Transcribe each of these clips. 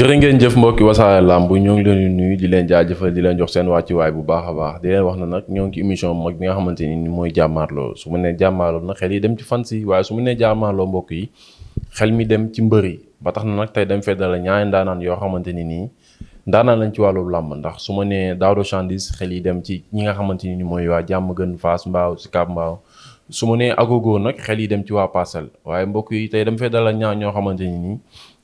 jërë ngeen jëf mbokki wasaare làmb ñoo ngi leen nuyu di leen jaajëfal di leen jox seen wàccuwaay bu baax a baax di leen wax na nag ñoo ngi ci émission mag bi nga xamante ni mooy jàmmaarloo su ma nee jàmmaarloo nag xel yi dem ci fans yi waaye su ma nee jàmmaarloo mbokk yi xel mi dem ci mbër yi ba tax nag tey dem feddala ñaari ndaanaan yoo xamante ni nii ndaanaan lañ ci wàllu làmb ndax su ma nee Daouda Chandis xel yi dem ci ñi nga xamante ni mooy waa jàmm gën Fass Mbao Sicap Mbao su ma nee Agogo nag xel yi dem ci waa Parcelles waaye mbokk yi tey dem feddala ñaar ñoo xamante ni nii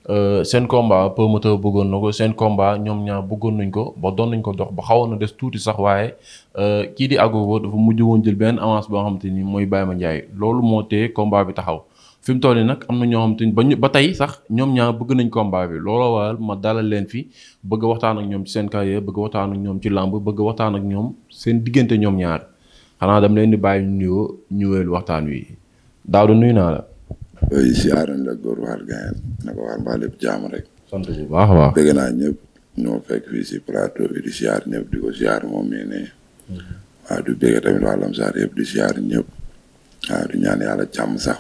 Euh, seen combat moto bëggoon na ko seen combat ñoom ñaar bëggoon nañ ko ba doon nañ ko dox ba xawoon na des tuuti sax waaye euh, kii di Agogo dafa mujj woon jël benn avance boo xam te ni mooy Baye Mandiaye loolu moo tee combat bi taxaw fi mu toll nag am na ñoo xam te ba ñu ba tey sax ñoom ñaar bëgg nañ combat bi looloo waral ma dalal leen fi bëgg waxtaan ak ñoom ci seen carrière bëgg waxtaan ak ñoom ci làmb bëgg waxtaan ak ñoom seen diggante ñoom ñaar xanaa dama leen di bàyyi ñu nuyoo ñu wéyal waxtaan wi daaw nuyu naa la. yooyu si aaroon la góor waar gaayaan na ko waar mbaa lépp jaam rek. sant bu naa ñëpp ñoo fekk si plateau bi di siyaar ñëpp di ko siyaar mhm. sax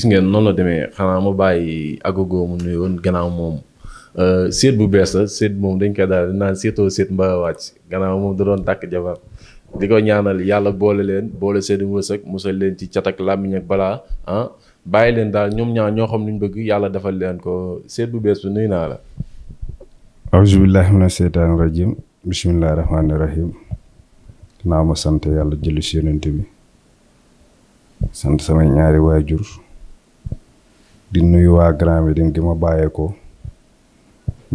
fi ngeen noonu la demee xanaa ma bàyyi agogo mu nuyoon gannaaw moom euh, seet bu bees la seet moom dañ koy daal di naan seetoo seet mbaa wàcc gannaaw moom da doon tàkk di ko ñaanal yàlla boole leen boole seen i wërsëg musal leen ci cat ak làmmiñ ak balaa ah, bàyyi leen daal ñoom ñaar ñoo xam ñu bëgg yàlla defal leen ko seet bu bees bu nuyu naa la. auzu billahi mina seytaani rajim bismillahi rahmaani rahim naa ma sant yàlla jëli si bi sant samay ñaari waajur di nuyu waa Grand Médine gi ma bàyyeekoo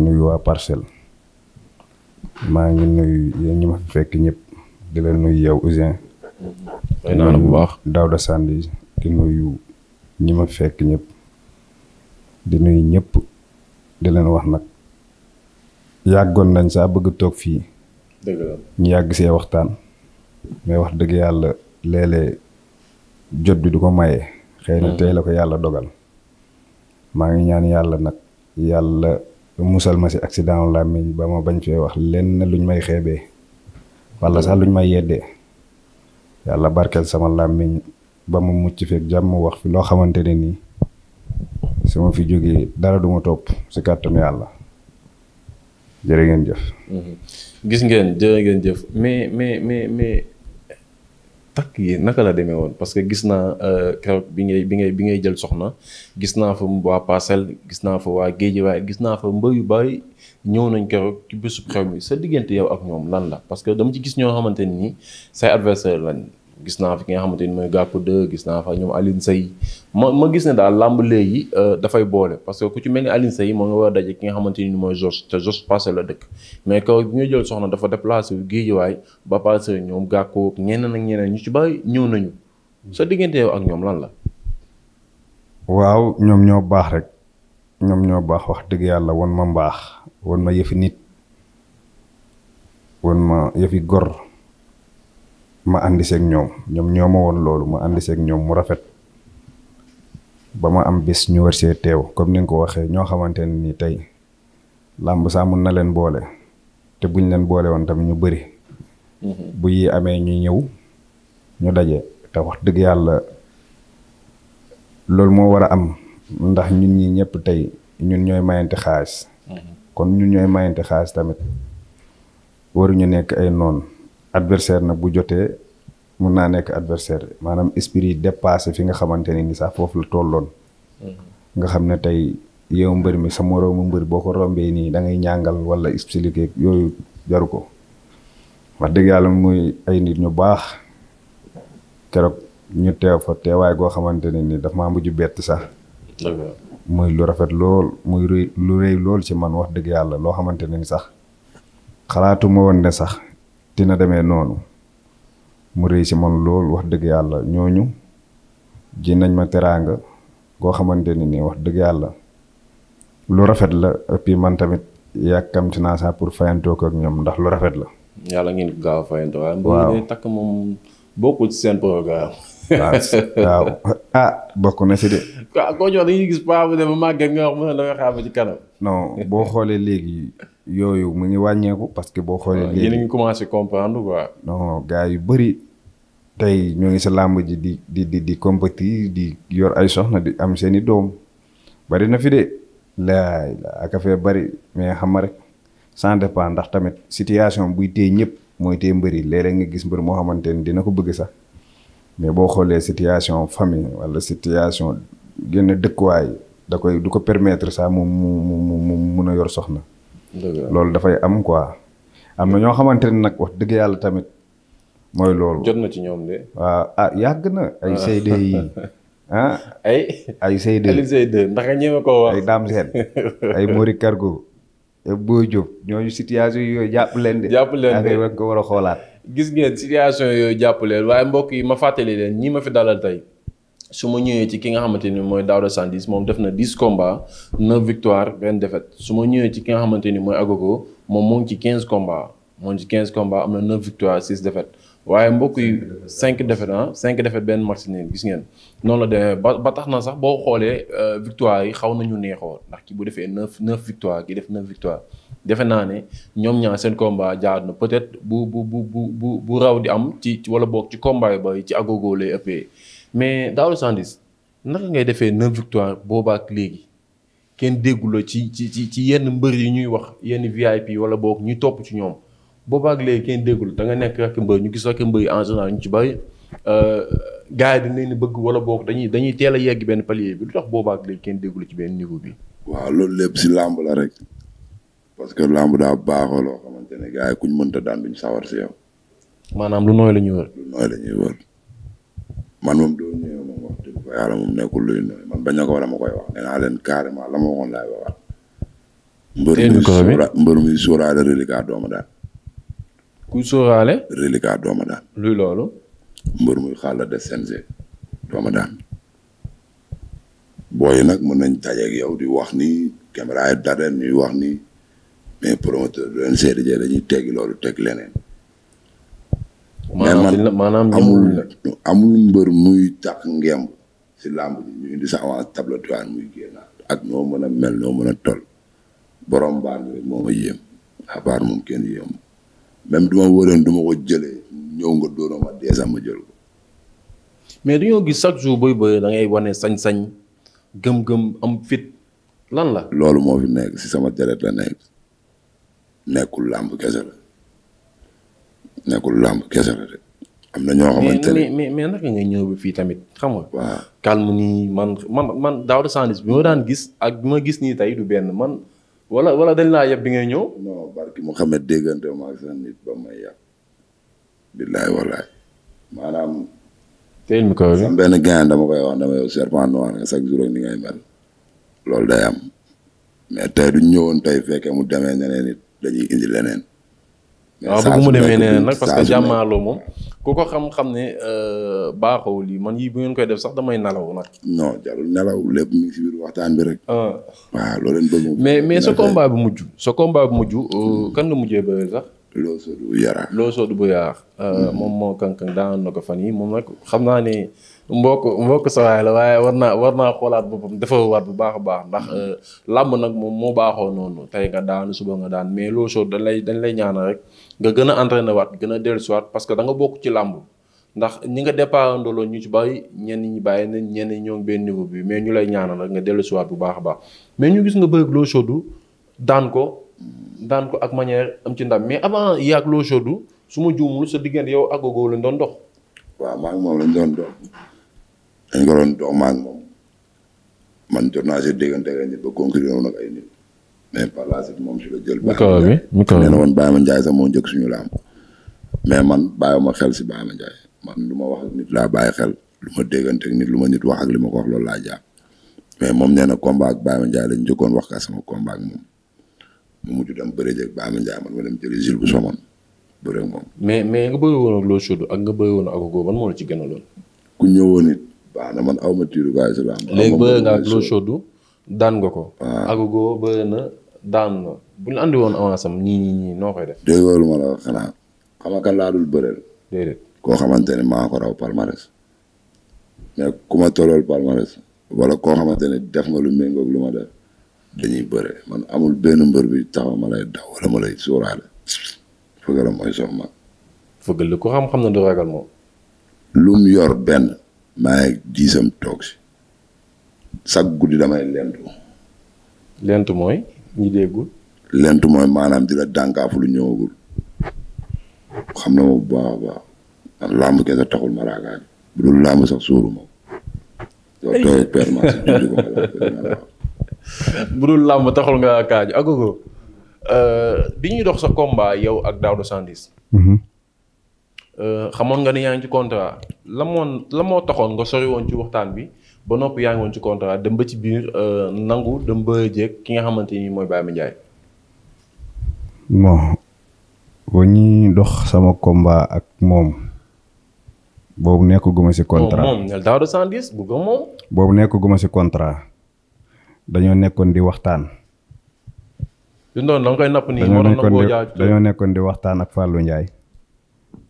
nuyu waa Parcelles maa ngi nuyu yéen ñi ma fi fekk ñëpp. di la nuyu yow Ouzin. di nuyu bu baax Daouda Sandi di ñi ma fekk ñëpp. di nuyu ñëpp di leen wax nag yàggoon nañ saa bëgg toog fii. ñu yàgg see waxtaan. mais wax dëgg yàlla léeg jot bi du ko maye. xëy na mm. tey la ko yàlla dogal. maa ngi ñaan yàlla nag yàlla musal ma si accident làmmiñ ba ma bañ fee wax lenn luñ may xeebee. wala sax luñ may yeddee yàlla barkeel sama làmmiñ ba mu mucc feeg jàmm wax fi loo xamante ne nii su ma fi jógee dara duma topp si kàttanu yàlla jërë ngeen jëf. Mm-hmm. gis ngeen jërë ngeen jëf mais mais mais mais. takk yi naka la demee woon parce que gis naa euh, keroog bi ngay bi ngay bi ngay jël soxna gis naa fa waa Parcelles gis naa fa waa waaye gis naa fa mbër yu bari ñëw nañ keroog ci bésub xew bi sa diggante yow ak ñoom lan la parce que dama ci gis ñoo xamante nii say adversaire lañ gis naa fi ki nga xamante ni mooy Gackou 2 gis naa fa ñoom Alioune Seye ma ma gis ne daal làmb léegi euh, dafay boole parce que ku ci mel ni Alioune Seye moo nga war a daje ki nga xamante ni mooy Jos te Jos passé la dëkk mais kaw bi nga jël soxna dafa déplacé wu géejuwaay ba passé ñoom Gackou ñeneen ak ñeneen ñu ci bàyyi ñëw nañu sa diggante ak ñoom lan la. waaw ñoom ñoo baax rek ñoom ñoo baax wax dëgg yàlla woon ma mbaax won ma yëfi nit won ma yëfi gor. ma àndi seeg ñoom ñoom ñoo ma woon loolu ma àndi ñoom mu rafet ba ma am bis ñu war teew comme ni nga ko waxee ñoo xamante ne nii tey làmb saa mun na leen boole te buñ leen boole woon tamit ñu bëri. Mm-hmm. bu amee ñu ñëw ñu daje te wax dëgg yàlla loolu moo war a am ndax ñun ñi ñëpp tey ñun ñooy mayante xaalis. Mm-hmm. kon ñu ñooy mayante xaalis tamit ñu nekk ay noon adversaire nag bu jotee mun naa nekk adversaire maanaam esprit yi dépassé fi nga xamante ne ni sax foofu la tolloon. nga xam ne tey yow mbër mi sa moroomu mbër boo ko rombee nii dangay ñàngal wala expliqué yooyu jaru ko wax dëgg yàlla muy ay nit ñu baax keroog ñu teew fa teewaay goo xamante ne ni daf maa mujj bett sax. muy lu rafet lool muy lu rëy lool ci man wax dëgg yàlla loo xamante ne ni sax xalaatuma woon ne sax. dina demee noonu mu rëy si man lool wax dëgg yàlla ñooñu ji nañ ma teraanga goo xamante ni nii wax dëgg yàlla lu rafet la et man tamit yàkkamti naa sax pour fayantoo ko ak ñoom ndax lu rafet la. yàlla ngeen ko gaaw a fayantoo. waaw mbir mi takk moom bokkul ci seen programme. waaw ah bokk na si de. waaw koo jox dañuy gis paa bu ne ma nga wax mu ne la nga xaar ci kanam. non boo xoolee léegi. yooyu mu ngi wàññeeku parce que boo xoolee. léegi yéen a ngi commencé comprendre quoi. non gars yu bëri tey ñoo ngi sa làmb ji di di di di compétir di yor ay soxna di am seen i doom bari na fi de laay la ak fee bari mais xam rek san dépend ndax tamit situation buy téye ñëpp mooy téye mbëri léeg nga gis mbër moo xamante ni dina ko bëgg sax mais boo xoolee situation famille walla situation génn dëkkuwaay da koy du ko permettre sax mu mu mu mu mun a yor soxna. loolu dafay am quoi. am na ñoo xamante nag wax dëgg yàlla tamit mooy loolu. jot na ci ñoom de. waaw ah yàgg na. ay ah. Seyde yi ah. ay ay Seyde Aliou Seyde ndax nga ñeme koo wax. ay Dame Sène ay Mori Cargo. boo jóg ñooñu situation yooyu jàpp leen de. jàpp leen de da ko war a xoolaat. gis ngeen situation yooyu jàpp leen waaye mbokk yi ma fàttali leen ñii ma fi dalal tey. su ma ñëwee ci ki nga xamante ni mooy Daouda Sandwich moom def na 10 combats 9 victoires benn défaite su ma ñëwee ci ki nga xamante ni mooy Agogo moom moo ngi ci 15 combats moo ci 15 combats am na 9 victoires 6 défaites waaye mbokk yi 5 défaites ah 5 défaites benn match gis ngeen noonu la demee ba ba tax na sax boo xoolee euh, victoire yi xaw nañu neexoo ndax ki bu defee 9 9 victoire ki def 9 victoire defe naa ne ñoom ñaar seen comba jaar na peut-être bu bu bu bu bu raw di am ci wala boog ci combat yi ba ci Agogo lay ëppee. mais Daouda Sandwich naka ngay defee neuf victoire boobaak léegi kenn dégguloo ci ci ci ci yenn mbër yi ñuy wax yenn VIP wala boog ñuy topp ci ñoom boobaak léegi kenn déggul da nga nekk rek mbër ñu gis rek mbër yi en général ñu ci bari euh, gars di dañ leen bëgg wala boog dañuy dañuy teel a yegg benn palier bi lu tax boobaak léegi kenn déggul ci benn niveau bi. waaw loolu lépp si làmb la rek parce que làmb daa baaxoo loo xamante ne gars kuñ mënta daan duñ sawar si maanaam lu nooy la ñuy wër. man moom doo ñëwee moom wax dëgg fa yàlla moom nekkul luy nooy man bañ a ko ma koy wax nee naa leen carrément la ma waxoon laay waxaat. mbër muy sóora mbër muy sóoraale reliquat dooma daan. ku sóoraale. reliquat dooma daan. luy loolu. muy xàll de CNG dooma daan. booy nag mën nañ dajeeg yow di wax ni caméra yi daleen ñuy wax ni mais promoteur du leen seeti dañuy teggi loolu teg leneen. mais man maanaam amul amul mbër muy takk ngemb si làmb bi ñu indi sa avance tablatoire muy ak noo mën a mel noo mën a tol borom baan bi moo ma yéem à part moom kenn yéem même du ma wëreen du ma ko jëlee ñëw nga doon ma dee sax jël ko. mais dañoo gis chaque jour booy booy da ngay wane sañ-sañ gëm-gëm am fit lan la. loolu moo fi nekk si sama deret la nekk nekkul làmb kese la. nekkul làmb kese la de. am na ñoo xamante ne mais mais mais naka nga ñëw ba fii tamit xam nga. waaw calme nii man man man de sandis bi ma daan gis ak bi ma gis nii tey du benn man. wala wala dañ laa yeb bi ngay ñëw. non barki Mouhamed déggante ma ak sa nit ba may yàq. billaay walaay. maanaam. teel mi ko sam benn gain dama koy wax dama yow serpent noir nga chaque jour ak ni ngay mel. loolu day am mais tey du ñëwoon tey fekkee mu demee neneen it dañuy indi leneen. waaw ah, bëgg mu demee nee nag parce que jàmmaaloo moom ku ko xam-xam ne euh, baaxoo lii man yii bu ngeen koy def sax damay nelaw nag. non jarul nelaw lépp mu ngi biir waxtaan bi rek. Ah. waaw loo leen bëgg. mais mais sa combat bu mujj. sa combat bu mujj euh, hmm. kan nga mujjee bëre sax. Loosoodu bu yaraax Loosoodu euh, bu mm-hmm. yaraax. moom moo kankan daan na ko fan yi moom nag xam naa ni mbokk mbokk sa waay la waaye war naa war naa xoolaat boppam dafa war bu baax a baax ndax mm-hmm. euh, làmb nag moom moo baaxoo noonu tey nga daanu suba nga daan mais Loosoodu dañ lay dañ lay ñaanal rek nga gën a entraîné waat gën a dellusiwaat parce que da nga bokk ci làmb. ndax ñi nga départ ndolo ñu ci bàyyi ñenn ñi bàyyi nañ ñenn ñi ñoo benn niveau bi mais ñu lay ñaana rek nga dellusiwaat bu baax a baax mais ñu gis nga bëgg Loosoodu daan ko. daan ko ak manière am ci ndam mais avant yaag loo jodu su ma juumul sa diggante yow ak Gogo lañ doon dox. waaw maa moom lañ doon dox dañ ko doon dox maa moom man jot naa si diggante ak ay nit ba conclure la moom si la jël. mu kaw bi mu kaw bi Ma Ndiaye sax moo njëkk suñu làmb mais man bàyyi ma xel si baay Ma Ndiaye man lu ma wax nit laa bàyyi xel lu ma déggante ak nit lu ma nit wax ak li ma ko wax loolu laa jàpp mais moom nee na combat Ma Ndiaye lañ njëkkoon wax ka sama combat ak mu mujj dem bëri jëg ba ama njaay man ma dem jëli bu somoon bëri ak moom. mais mais nga bëri woon ak loo suudu ak nga bëri woon ak ci gën a lool. ku ñëwoon it baax na man aw ma tiiru gaay si laam. léegi bëri nga ak loo suudu daan nga ko. waaw ah. agogo na daan na bu ñu andi woon avance sama ñii ñii noo koy def. dégg nga lu ma la wax xanaa xam koo xamante ne maa ko raw palmarès mais ku ma tollool palmarès wala koo xamante ne def nga lu méngoog lu ma def dañuy bëre man amul benn mbër bi taxaw ma lay daw wala ma lay sóoraale fëgal la mooy sox ma. fëgal li ko xam-xam na du ragal moom. lu mu yor benn. maa ngi diisam toog si. chaque guddi damay lentu. lentu mooy ñi déggul. maanaam di la dànkaafu lu ñëwagul. xam na ma bu baax a baax. man làmb kese taxul ma raakaani. bu dul làmb sax sóoru ma ko. doo tooy permanence bu budul làmb taxul nga kaaju Agogo euh, bi ñuy dox sa combat yow ak Daouda Sandwich. Mhm. Euh, xamoon nga ne yaa ngi ci contrat la moon la moo taxoon nga sori woon ci waxtaan bi ba noppi yaa ngi woon ci contrat dem ba ci biir euh, nangu dem ba jéeg ki nga xamante ni mooy Baye Mandiaye. njaay ba dox sama combat ak moom. boobu nekk guma ci contrat moom moom Daouda Sandwich bu moom. boobu nekk guma ci contrat. dañoo nekkoon di waxtaan. du noonu da nga koy dañoo nekkoon di dañoo nekkoon di waxtaan ak Fallou Ndiaye.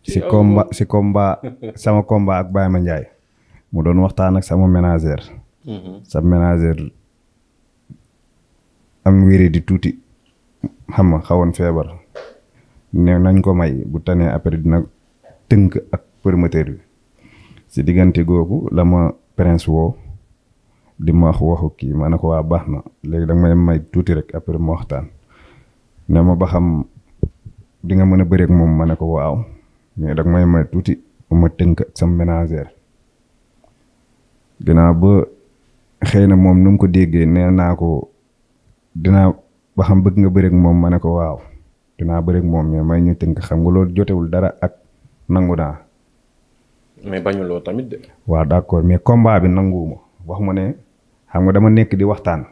si combat si combat sama combat ak Baye Ma Ndiaye mu doon waxtaan ak sama ménagère. Mhm. sa ménagère am wéré di tuuti xam xawoon feebar. ne nañ ko may bu tanee après dina tënk ak promoteur bi si diggante googu lama ma prince woo. di ma wax waxu kii ma ne ko waa baax na léegi danga may may tuuti rek après ma waxtaan ne ma ba xam di nga mën a bëreek moom ma ne ko waaw mais danga may may tuuti ma tënk sam ménagère ginnaaw ba xëy na moom nu mu ko déggee nee naa ko dinaa ba xam bëgg nga bëreek moom ma ne ko waaw dinaa bëreek moom mais may ñu tënk xam nga loolu jotewul dara ak nangu naa. mais bañuloo tamit de. waaw d'accord mais combat bi nanguwuma wax ma ne. xam nga dama nekk di waxtaan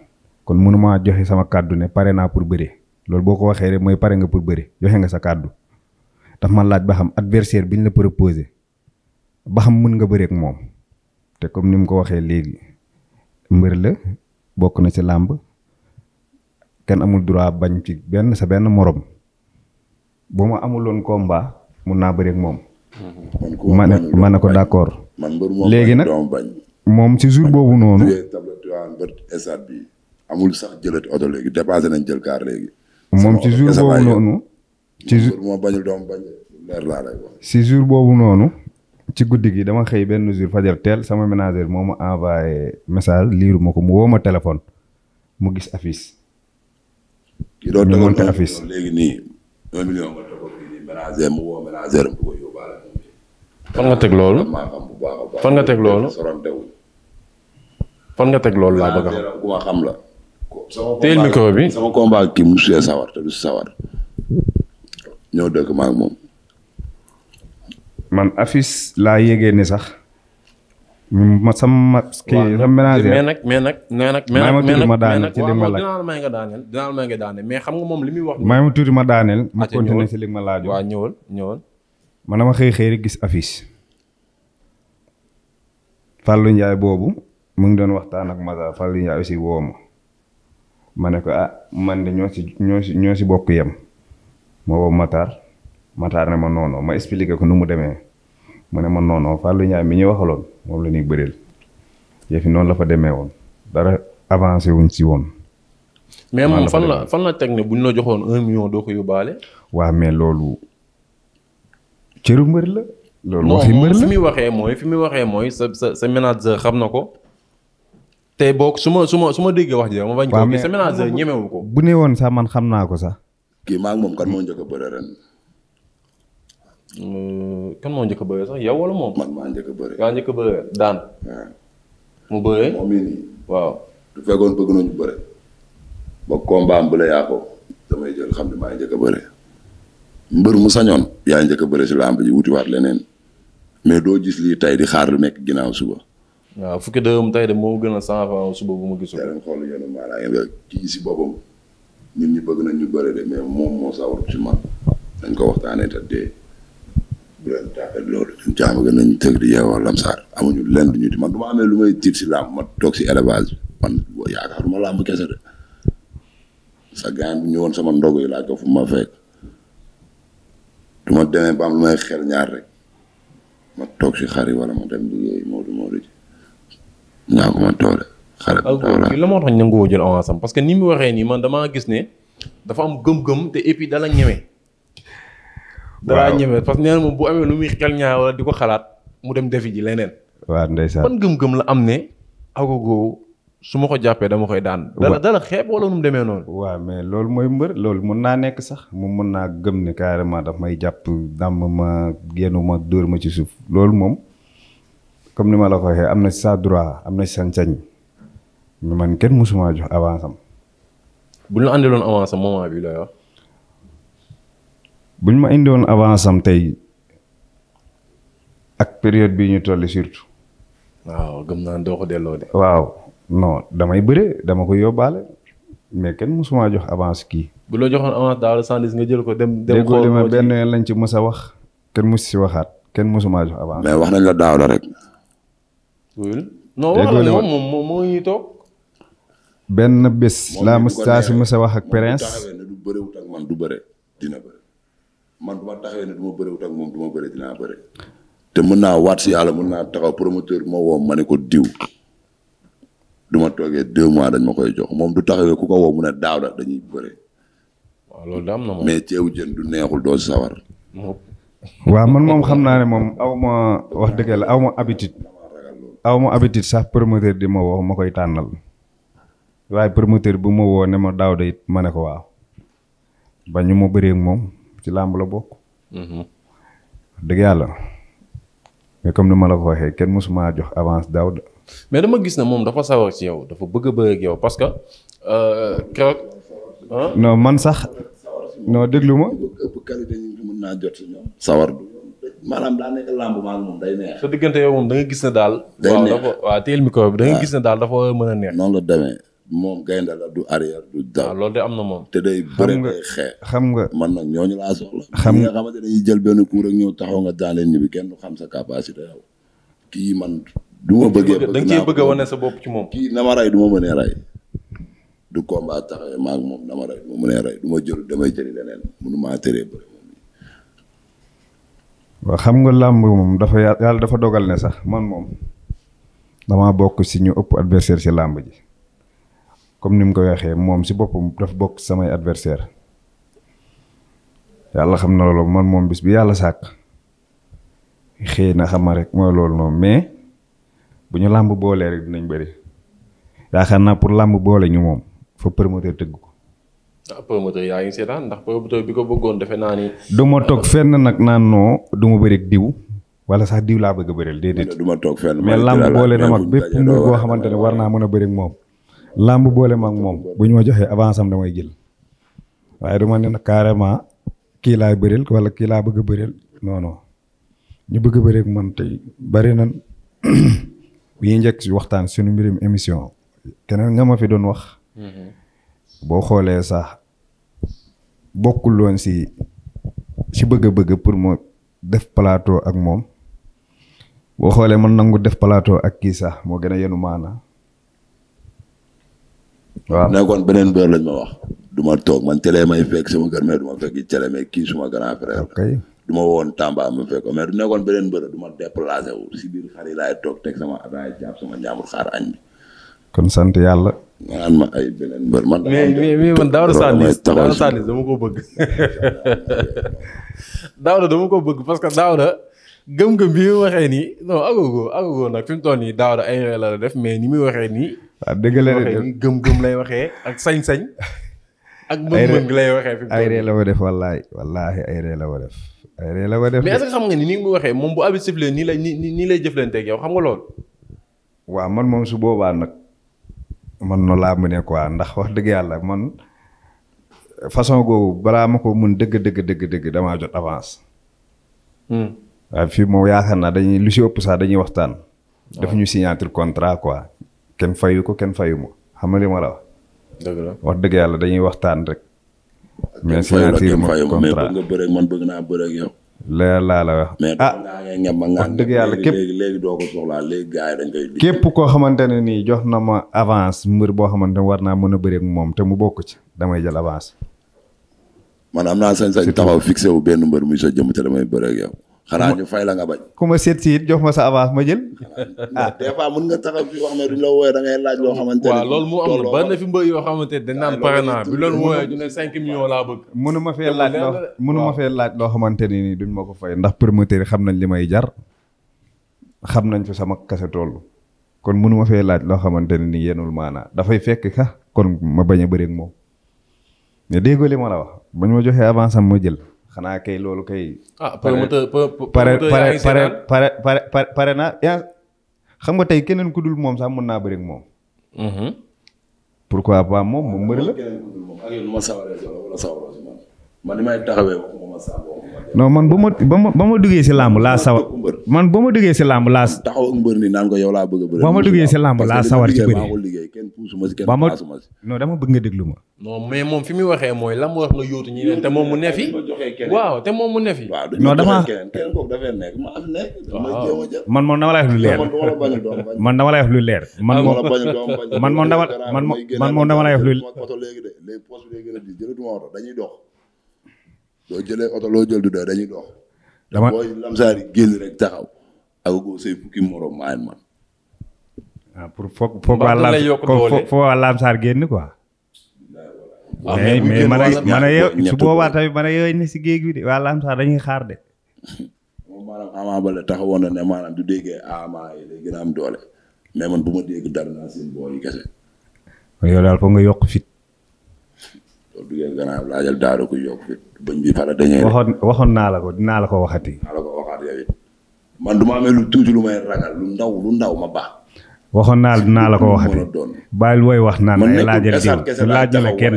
kon mënuma joxe sama kàddu ne pare naa pour bëre loolu boo ko waxee rek mooy pare nga pour bëre joxe nga sa kàddu daf ma laaj ba xam adversaire bi ñu la proposé ba xam mën nga bëreek moom te comme ni mu ko waxee léegi mbër la bokk na si làmb kenn amul droit bañ ci benn sa benn morom boo ma amuloon combat mun naa bëreek moom. Mm-hmm. ma ne ko d'accord. léegi nag moom ci jour boobu noonu. mbër bi amul sax jëlati oto léegi dépassé nañ moom ci jour boobu noonu. ci jour moo doom bañ leer jour boobu noonu. ci guddi gi dama xëy benn jour fajar teel sama ménagère moo ma envoyé message liiruma ko mu woo ma mu gis affiche. ki doon monté léegi nii. un million nga doon ko fan nga teg loolu. fan nga teg loolu. fan nga teg loolu laa bëgg a ah, xam ku ma xam la. bi mu suyee sawar te du sawar ñoo dëkk ma ak moom. man affiche laa yégee sax. ma sama kii sama ménager mais nag mais nag xam nga moom li muy wax. may ma tuuti ma daaneel. ma continuer si li ma laaj. waaw ñëwal ñëwal. man dama xëy xëy rek gis affiche. Fallou Ndiaye boobu. mu ngi doon waxtaan ak Maza Fallou Ndiaye aussi woo ma ma ne ko ah man de ñoo si ñoo si ñoo si bokk yem ma woo Matar Matar ne ma noonoo ma expliqué ko nu mu demee mu ne ma noonoo Fallou mi ñu waxaloon moom la ñuy noonu la fa demee woon avancé wuñ si woon. mais moom fan la fan la teg bu ñu la joxoon un million doo ko yóbbaale. mais loolu cëru mbër la. loolu waxi mbër muy waxee mooy fi muy waxee mooy sa sa sa manager xam na ko. te boog su ma su ma su ma déggee wax ji ma bañ. ko sa ménage ñemewu ko. bu ne woon sax man xam naa ko sax. kii maa moom kan moo njëkk a bëre ren. Euh, kan moo njëkk a sax yow wala moom. man maa njëkk a bëre. yaa njëkk a bëre daan. mu bëree moom mii ba combat am bu la yaakoo damay jël xam ne maa njëkk a mbër mu sañoon. yaa njëkk a bëre si lamb ji wutiwaat leneen. mais doo gis lii tey di xaar lu nekk ginnaaw suba. waaw fukki dërëm tey de moo gën a cent franc suba bu ma gisul. yaa ngi xool yéen a maanaam yéen a si boppam ñun ñu bëgg nañ ñu bëri de mais moom moo sawar ci man dañ ko waxtaanee te dee bu leen taafee loolu ñun jaamu gën nañu tëgg di yeewoo lamsaar amuñu lenn du ñu man du ma amee lu may tiit si làmb ma toog si élevage man yaakaaruma làmb kese de sa gaan bu ñëwoon sama ndogo yi laa ko fu ma fekk du ma demee ba am lu may xel ñaar rek ma toog si xari wala ma dem liggéey Modou Modou ji. ñaa ko ma doole. xale bu taw la moo tax nanguwoo jël avance am parce que ni mu waxee nii man damaa gis ne dafa am gëm-gëm te et dala ñeme. dala ñeme parce que nee moom bu amee lu muy xel ñaar wala di ko xalaat mu dem defi ji leneen. waaw ndeysaan ban gëm-gëm la am ne Agogo su ma ko jàppee dama koy daan. dala dala xeeb wala nu mu demee noonu. waa mais loolu mooy mbër loolu mun naa nekk sax mu mun naa gëm ne carrément daf may jàpp dàmm ma génn ma dóor ci suuf loolu moom. comme ni ma la ko waxee am na ci sa droit am na ci sañ-sañ mais man kenn mësuma jox avance am. bu ñu la andiloon avance bi la ma indiwoon avance am tey ak période bi ñu toll surtout. gëm naa doo ko delloo de. waaw non damay bëre dama ko yóbbaale mais kenn mësuma jox avance kii. bu la joxoon avance daal sandis nga jël ko dem. dem lañ ci mës a wax kenn mës si waxaat kenn mësuma jox avance. mais wax nañ la daaw la rek. wuyul moom moo ngi toog. bés. laa mës saa si mës a bu ma taxawee du ma bëriwut ak te mën naa waat si yàlla mën naa taxaw promoteur ma woo ma ne ko diw. du ma toogee deux mois dañ ma koy jox moom du taxawee ku ko woo mu ne daaw la dañuy bëre. waaw loolu da mais ceebu jën du neexul doo sawar. waaw man moom xam naa ne moom aw wax dëgg la aw ma aw ma habitude sax promoteur di ma woo ma koy tànnal waaye promoteur bu ma woo ne ma daaw de ma ne ko waaw ba ñu ma bëree moom ci làmb la bokk. Mhm. dëgg yàlla mais comme ni ma la ko waxee kenn mësumaa jox avance daaw. mais dama gis ne moom dafa sawar ci yow dafa bëgg a bëgg ak yow parce que euh, keroog. non man sax noo déglu ma. sawar du. maanaam daa nekk làmb maa moom day neex. sa diggante yow moom da nga gis ne daal. day neex waaw dafa waaw teel micro bi gis ne daal dafa mën a neex. noonu la demee moom gaynde la du arrière du daw. loolu de am na moom. te day bëre day xam nga man nag ñooñu laa soxla. xam nga xamante dañuy jël benn coup rek ñëw taxaw nga daan leen ñibbi kenn du xam sa capacité yow kii man. du ma bëggee bëgg da bëgg a wane sa bopp ci moom. kii nama ray rey du ma mënee rey du combat taxawee maa ngi moom na ma rey du ma mënee rey du damay jëli leneen mënu maa tëree waaw xam nga làmb moom dafa yàlla dafa dogal ne sax man moom dama bokk si ñu ëpp adversaire si làmb ji comme ni mu ko waxee moom si boppam dafa bokk samay adversaire yàlla xam na loolu man moom bis bi yàlla sàkk xëy na xama rek mooy loolu noonu mais bu ñu làmb boolee rek dinañ bëri yaakaar naa pour làmb boole ñu moom fa promoteur tëgg ko ah promoteur yaa ngi seetaan ndax promoteur bi ko bëggoon defe naa du ma toog fenn nag naan non du ma bëri diw. wala sax diw laa bëgg a bëreel déedéet. du ma toog fenn mais làmb boole na mag bépp mbir boo xamante ne war naa mën a bëri ak moom. làmb boole ma moom bu ñu ma joxee avance am damay jël waaye du ma ne nag carrément kii laay bëreel wala kii laa bëgg a bëreel non ñu bëgg a bëri tey bari nan bu ñuy njëkk si waxtaan suñu mbirum émission keneen nga ma fi doon wax. Mm-hmm. boo xoolee sax bokkul woon si si bëgg-bëgg pour mu def palaatoo ak moom boo xoolee man nangu def plateau ak kii sax moo gën a yenu maana waaw nekkoon beneen mbir lañ ma wax du ma toog man télé may fekk sama kër mais du ma fekk télé kii suma grand frère okay. du ma woon Tamba ma fekk mais du nekkoon beneen mbër du ma déplacé si biir xar yi laay toog teg sama ataay jàpp sama ñaamul xaar añ kon sant yàlla ay man. mais mais man Daouda Sandwich Daouda dama koo bëgg. Daouda dama koo bëgg parce que Daouda gëm gëm bi mu waxee nii non agogo agogo nag fi mu toll nii Daouda ay réer la la def mais ni muy waxee nii. waaw ah, dëgg gëm gëm lay waxee ak sañ-sañ. ak lay waxee fi ay réer la ko def wallaahi wallaahi ay réer la ko def. ay réer la ko def mais est-ce que xam nga ni ni mu waxee moom bu habitude nii lay nii nii lay jëflanteeg yow xam nga loolu. waaw man moom su boobaa nag. man noonu laa mënee quoi ndax wax dëgg yàlla man façon googu balaa ma ko mun dëgg dëgg dëgg damaa jot avance. Hmm. waaye fii moom yaakaar naa dañuy lu si ëpp sax dañuy waxtaan. daf ñu signature contrat quoi. kenn fayu ko kenn fayu ma xam nga li ma la wax. dëgg wax dëgg yàlla dañuy waxtaan rek. mais signature ma contrat naa yow. leer la wax. Ah, a wax dëgg yàlla képp léegi doo ko soxlaa képp koo xamante ne nii jox na ma avance mbir boo xamante ne war naa mën a bëreeg moom te mu bokku ci damay jël avance. man am naa sañ-sañ taxaw fixé wu benn mbër muy sa jëm te damay bëreeg yow. xanaa ñu fay la nga bañ. ku ma seet jox ma sa avance ma jël. ah des fois mën nga taxaw laaj loo xamante ne. yoo xamante ne dañ naan pare naa bi loolu wooyee ñu ne ma fee laaj loo laaj loo xamante ne nii duñ ma ko fay ndax promoteur yi xam nañ li may jar xam nañ fi sama kase tool kon mënuma ma fee laaj loo xamante ne nii yenul maanaa dafay fekk ka kon ma bañ a bëri ak moom mais déggoo li la wax bañ ma joxee avance am ma jël xanaa kay loolu kay. ah promoteur pare pare pare pare pare na yaa xam nga tey keneen ku dul moom sax mën naa bëri moom. Mm-hmm. pourquoi pas moom moom mbëri la. man ni may taxawee waxuma man ba ma ba ma ba ma duggee si làmb laa sawar. man ba ma duggee si làmb laa. taxaw ak mbër ni naan ko laa bëgg a bëri. ba ma duggee si làmb laa sawar ci bëri. kenn puusuma si kenn paasuma si. non dama bëgg nga déglu ma. non mais moom fi muy waxee mooy lan moo wax nga ñi leen moom mu ne fi. te moom mu ne fi. non dama keneen kooku dafay nekk ma am nekk. waaw man moom dama lay wax lu leer. man dama lay wax lu leer. man moom man moom dama man moom dama lay wax lu. doo jëlee oto loo jël du doy dañuy dox. dama booy lamsaari génn rek taxaw. agogo say fukki morom maa man. ah pour foog foog waa lamsaar génn quoi. waaw eh, mais mais man a man a yow su boobaa tamit man a yooyu ne si géej gi de waa lamsaar dañuy xaar de. moom maanaam Ama Baldé taxawoon na ne maanaam du déggee ama yi day gën a am doole mais man bu ma dégg dara naa seen booy yi kese. yow daal foog nga yokk fit. soo duggee gannaaw laajal daara waxoon naa la ko dinaa la ko waxati. naa la ko waxaat yow man du ma amee lu tuuti lu may ragal lu ndaw lu ndaw ma baax. waxoon naa la naa la ko waxati bàyyi looy wax naan ay laajal diw laaj ñu la kenn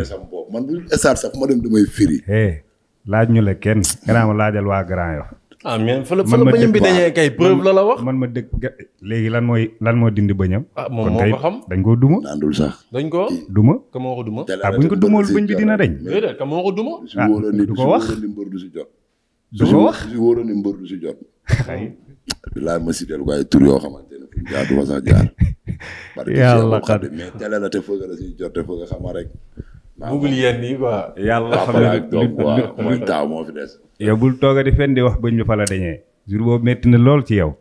man bu esaat sax ma dem damay firi. Eh, laaj ñu la kenn gannaaw laajal waa Grand Yoff ah mais fa la fa la bëñam bi dañee kay preuve la la wax. man ma dëgg léegi lan mooy lan moo dindi bëñam. ah moom moo ko xam dañ koo duma. daandul sax dañ ko duma. ka moo ko duma. ah buñ ko dumal bëñ bi dina dañ. déedéet ka moo ko duma. ah du ko wax du ko wax su wóoroon ni mbër du si jot. laa ma si dellu waaye tur yoo xamante ne fu jaar du ma sax jaar. yàlla xam mais télé la te foog a la si jot te foog a xama rek. bugul yenn yi quoi. yàlla xam ne lu lu lu taaw fi des. yow bul tooga di fen di wax bañ la fa la dañee jur boobu métti na lool ci yow.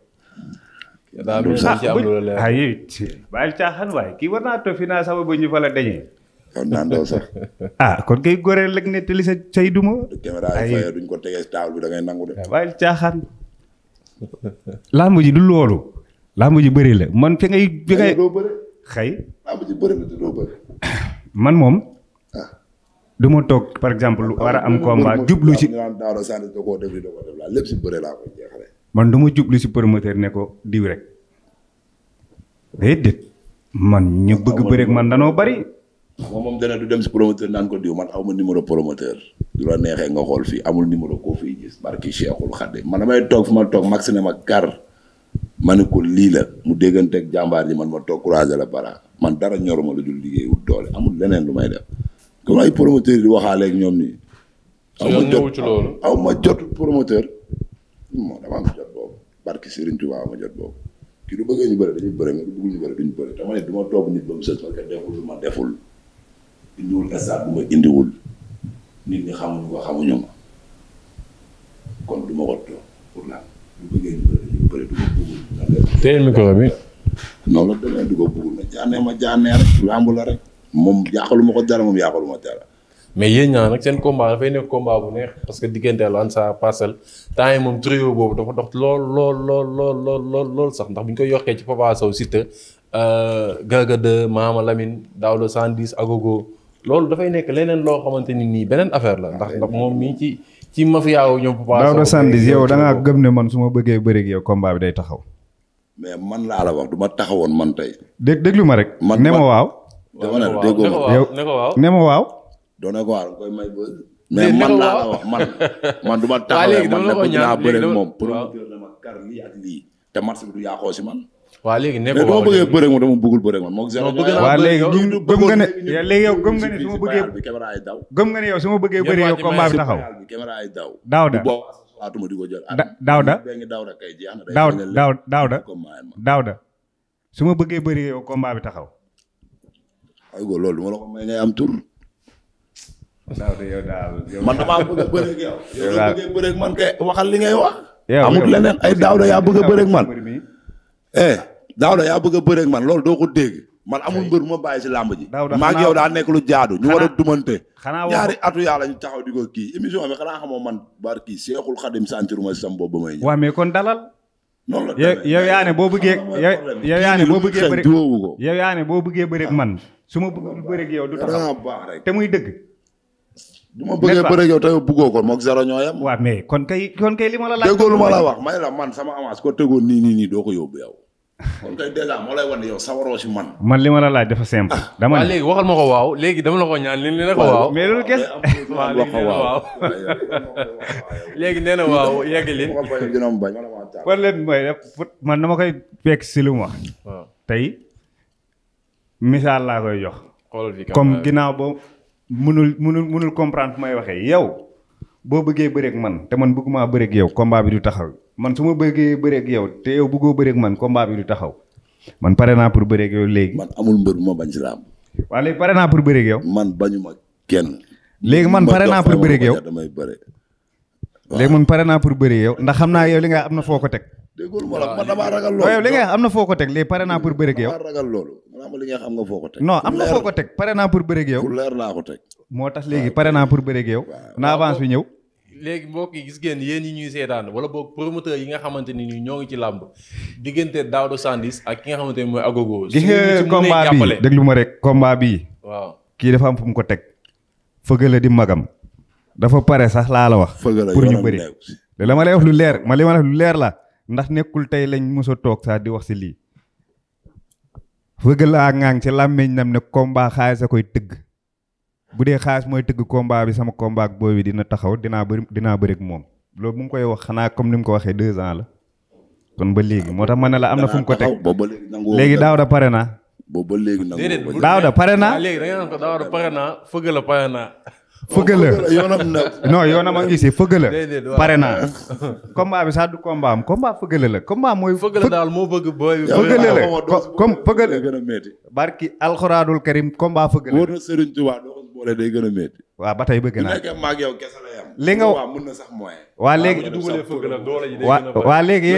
daa doon sax ah, ci caaxaan waay kii war naa toog fi naa sama bañ ñu fa la dañee. kon naan doo sax. ah kon kay goreel rek ne sa say duma. ay ko tegee table bi ah, caaxaan. làmb ji du loolu. làmb ji bëri la man fi ngay. fi ngay xëy. man moom. du ma toog par exemple war a am combat jublu si lépp si bëre laa koy jeexale man du ma jublu si promoteur ne ko diw rek déedéet man ñu bëgg bëre man danoo bari moom moom dana du dem si promoteur naan ko diw man aw ma numéro promoteur du la neexee nga xool fii amul numéro koo fii gis barki Cheikhul Khadim man damay toog fi ma toog max ne ma kar ma ne ko lii la mu dégganteeg jàmbaar ji man ma toog croiser la bara man dara ñoruma lu dul liggéey doole amul leneen lu may def comme ay promoteurs yi di waxaale ak ñoom nii. aw ma jot aw ma ma du ma deful lu indiwul nit ñi xamuñu ko xamuñu ma kon du ma la du bëggee ñu bëre dañuy bëggul. tey micro noonu la demee du ko bëggul na jaanee ma jaanee rek lamb la rek. moom yàqaluma ko dara moom yàqaluma dara. mais yéen ñaa nag seen combat dafay parce que diggante Lansar Parcelles temps yi moom trio boobu dafa dox lool lool lool lool lool lool lool sax ndax bu ñu koy yokkee ci Papa Sow Siteu euh, Garga 2 Mama Lamine Daouda 110 Agogo loolu dafay nekk leneen loo xamante ni nii beneen affaire la ndax ndax moom mii ci ci mafia wu ñoom Papa Sow Daouda 110 man su ma bëggee bëri yow bi day taxaw. mais man laa la wax du ma taxawoon man tey. dé ma rek. man ne ma waaw. dama ma yow waaw ne ne ko waaw man man du ma taxawee man ne ko dinaa bëre moom promoteur dama kar lii ak lii te match bi du yaaxoo si man. léegi ne ko waaw léegi mais dama bëggee bëre moom dama bëggul bëre moom. waa léegi gëm nga ne. léegi yow gëm nga ne su ma bëggee caméra ay daw. gëm nga ne yow su ma bëggee bëre yow bi taxaw. daw. daaw da atuma daaw da daaw da su ma bëggee bëre yow combat bi taxaw ay go loolu du ma la ko may ngay am tur. man damaa bëgg a bëreeg yow. a bëreeg man kay li ngay wax. amul leneen ay daaw da bëgg a bëreeg man. eh daaw da yaa bëgg a eh, man loolu doo ko dégg. man amul mbër ma bàyyi si làmb ji. daaw maa ngi daa nekk lu jaadu. ñu war a dumante. ñaari atu yàlla ñu taxaw bi xanaa xamoo man bar kii Seexul Xadim santiruma si sam boobu may mais kon dalal. noonu la boo bëggee yow yaa ne boo bëggee bëri yaa boo bëggee bëri man su ma bëgg bëre ak yow du taxaw te muy dëgg. du ma bëggee yow te ko moog zéro ñoo waaw mais kon kay kon kay li ma la laaj. déggoo man sama avance ko tegoon nii nii nii doo ko yóbbu moo lay wan yow sawaroo si man. man li ma la laaj dafa simple. Ah, dama ne léegi waxal ma ko waaw léegi dama la ko ñaan li la ko waaw. mais loolu kes waaw léegi nee na waaw. léegi nee na waaw yegg leen. war leen mooy man dama koy fekk si lu ma. tey. misaal laa koy jox. comme ginnaaw ba mënul mënul mënul comprendre fu may waxee yow boo bëggee bëreeg man te man maa bëreeg yow combat bi du taxaw man su ma bëggee bëreek yow te yow bëggoo bëreeg man combat bi du taxaw man pare naa pour bëreeg yow léegi. man amul mbër bu ma bañ si am. waa léegi pare naa pour bëreeg yow. man bañuma kenn. léegi man pare naa pour bëreeg yow léegi man pare naa pour bëreeg yow ndax xam naa yow li nga am na foo ko teg. déggul ma la man li nga am na foo ko teg léegi pare naa pour bëreeg yow. damaa ragal loolu. nga xam li nga xam nga foo ko teg. non am nga foo ko teg pare naa pour bëreeg yow. moo tax léegi pare naa pour bëreeg yow. na avance bi ñëw. léegi mbokk yi gis ngeen yéen ñi ñuy seetaan wala boog promoteur yi nga xamante ni ñoo ngi ci làmb diggante Daouda Sandwich ak ki nga xamante ni mooy Agogo. gis nga combat bi déglu ma rek combat bi. waaw kii dafa am fu mu ko teg. fëgala di magam. dafa pare sax laa la wax. pour ñu bëri. la ma lay wax lu leer ma li ma lay wax lu leer la ndax nekkul tey lañ mos a fëgal a ŋaaŋ ci làmmiñ nam ne combat xaalis a koy tëgg bu dee xaalis mooy tëgg combat bi sama combat ak booy bi dina taxaw dinaa bëri dinaa bëri moom loolu bu koy wax xanaa comme ni mu ko waxee deux ans la kon ba léegi moo tax ma ne la am na fu mu ko teg léegi daaw da pare naa. boobu ba léegi nangu. déedéet daaw da pare naa. léegi da nga naan ko daaw a pare naa. fëgg la non yoonam a ngi si fëgg la pare naa combat bi sax du combat am combat fëgg la la combat mooy fëgg la moo bëgg booy fëgg la la comme fëgg la a metti barki alxuraanul karim combat fëgg la wóor na Serigne a tey bëgg naa li nga waa léegi waa léegi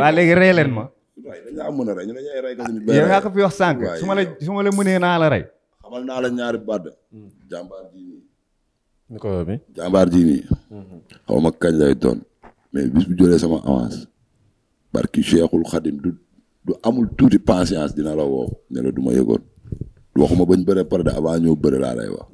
waa léegi rey leen a yéen nga ko fi wax sànq su ma la su ma la mënee naa la rey xamal naa jàmbaar ji nii. bi jàmbaar ji xaw ma kañ lay doon. mais bis bu jëlee sama avance. barki Cheikhul Khadim du du amul tuuti patience dina la woo ne la du ma yëgoon. waxuma bañ bëre pare de avant ñoo bëre laa lay wax.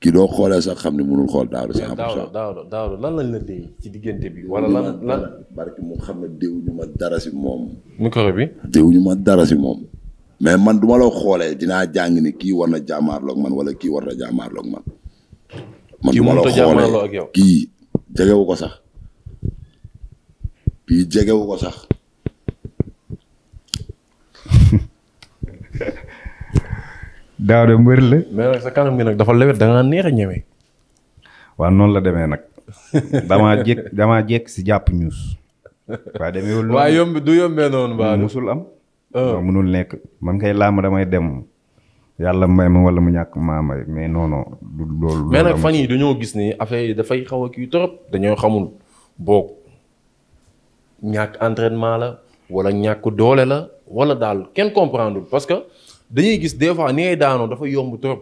ki doo xoolee sax xam ne mënul xool daaw la. sax daaw daaw lan lañ la ci diggante bi. wala lan lan barki mu xam ne déwuñu ma dara si moom. micro bi déwuñu ma dara si moom. mais man du ma la xoolee dinaa jàng ni kii war na jàmmaarloog man wala kii war na jàmmaarloog man. man du ma la xoolee kii jegewu ko sax. kii jegewu ko sax. daaw de dafa lewet da neex a ñeme. waaw noonu la demee nag damaa jékk damaa jékk si jàpp ñuus. waa demee wul waaw du yombee noonu. ba musul am. Oh. mënul nekk man kay làmb damay dem yàlla may ma wala mu ñàkk maa may mais noonu non du loolu. mais nag fan yi dañoo gis nii affaire yi dafay xaw a kii trop dañoo xamul boog ñàkk entraînement la wala ñàkk doole la wala daal kenn comprendre parce que dañuy gis des fois ni ngay daanoo dafa yomb trop.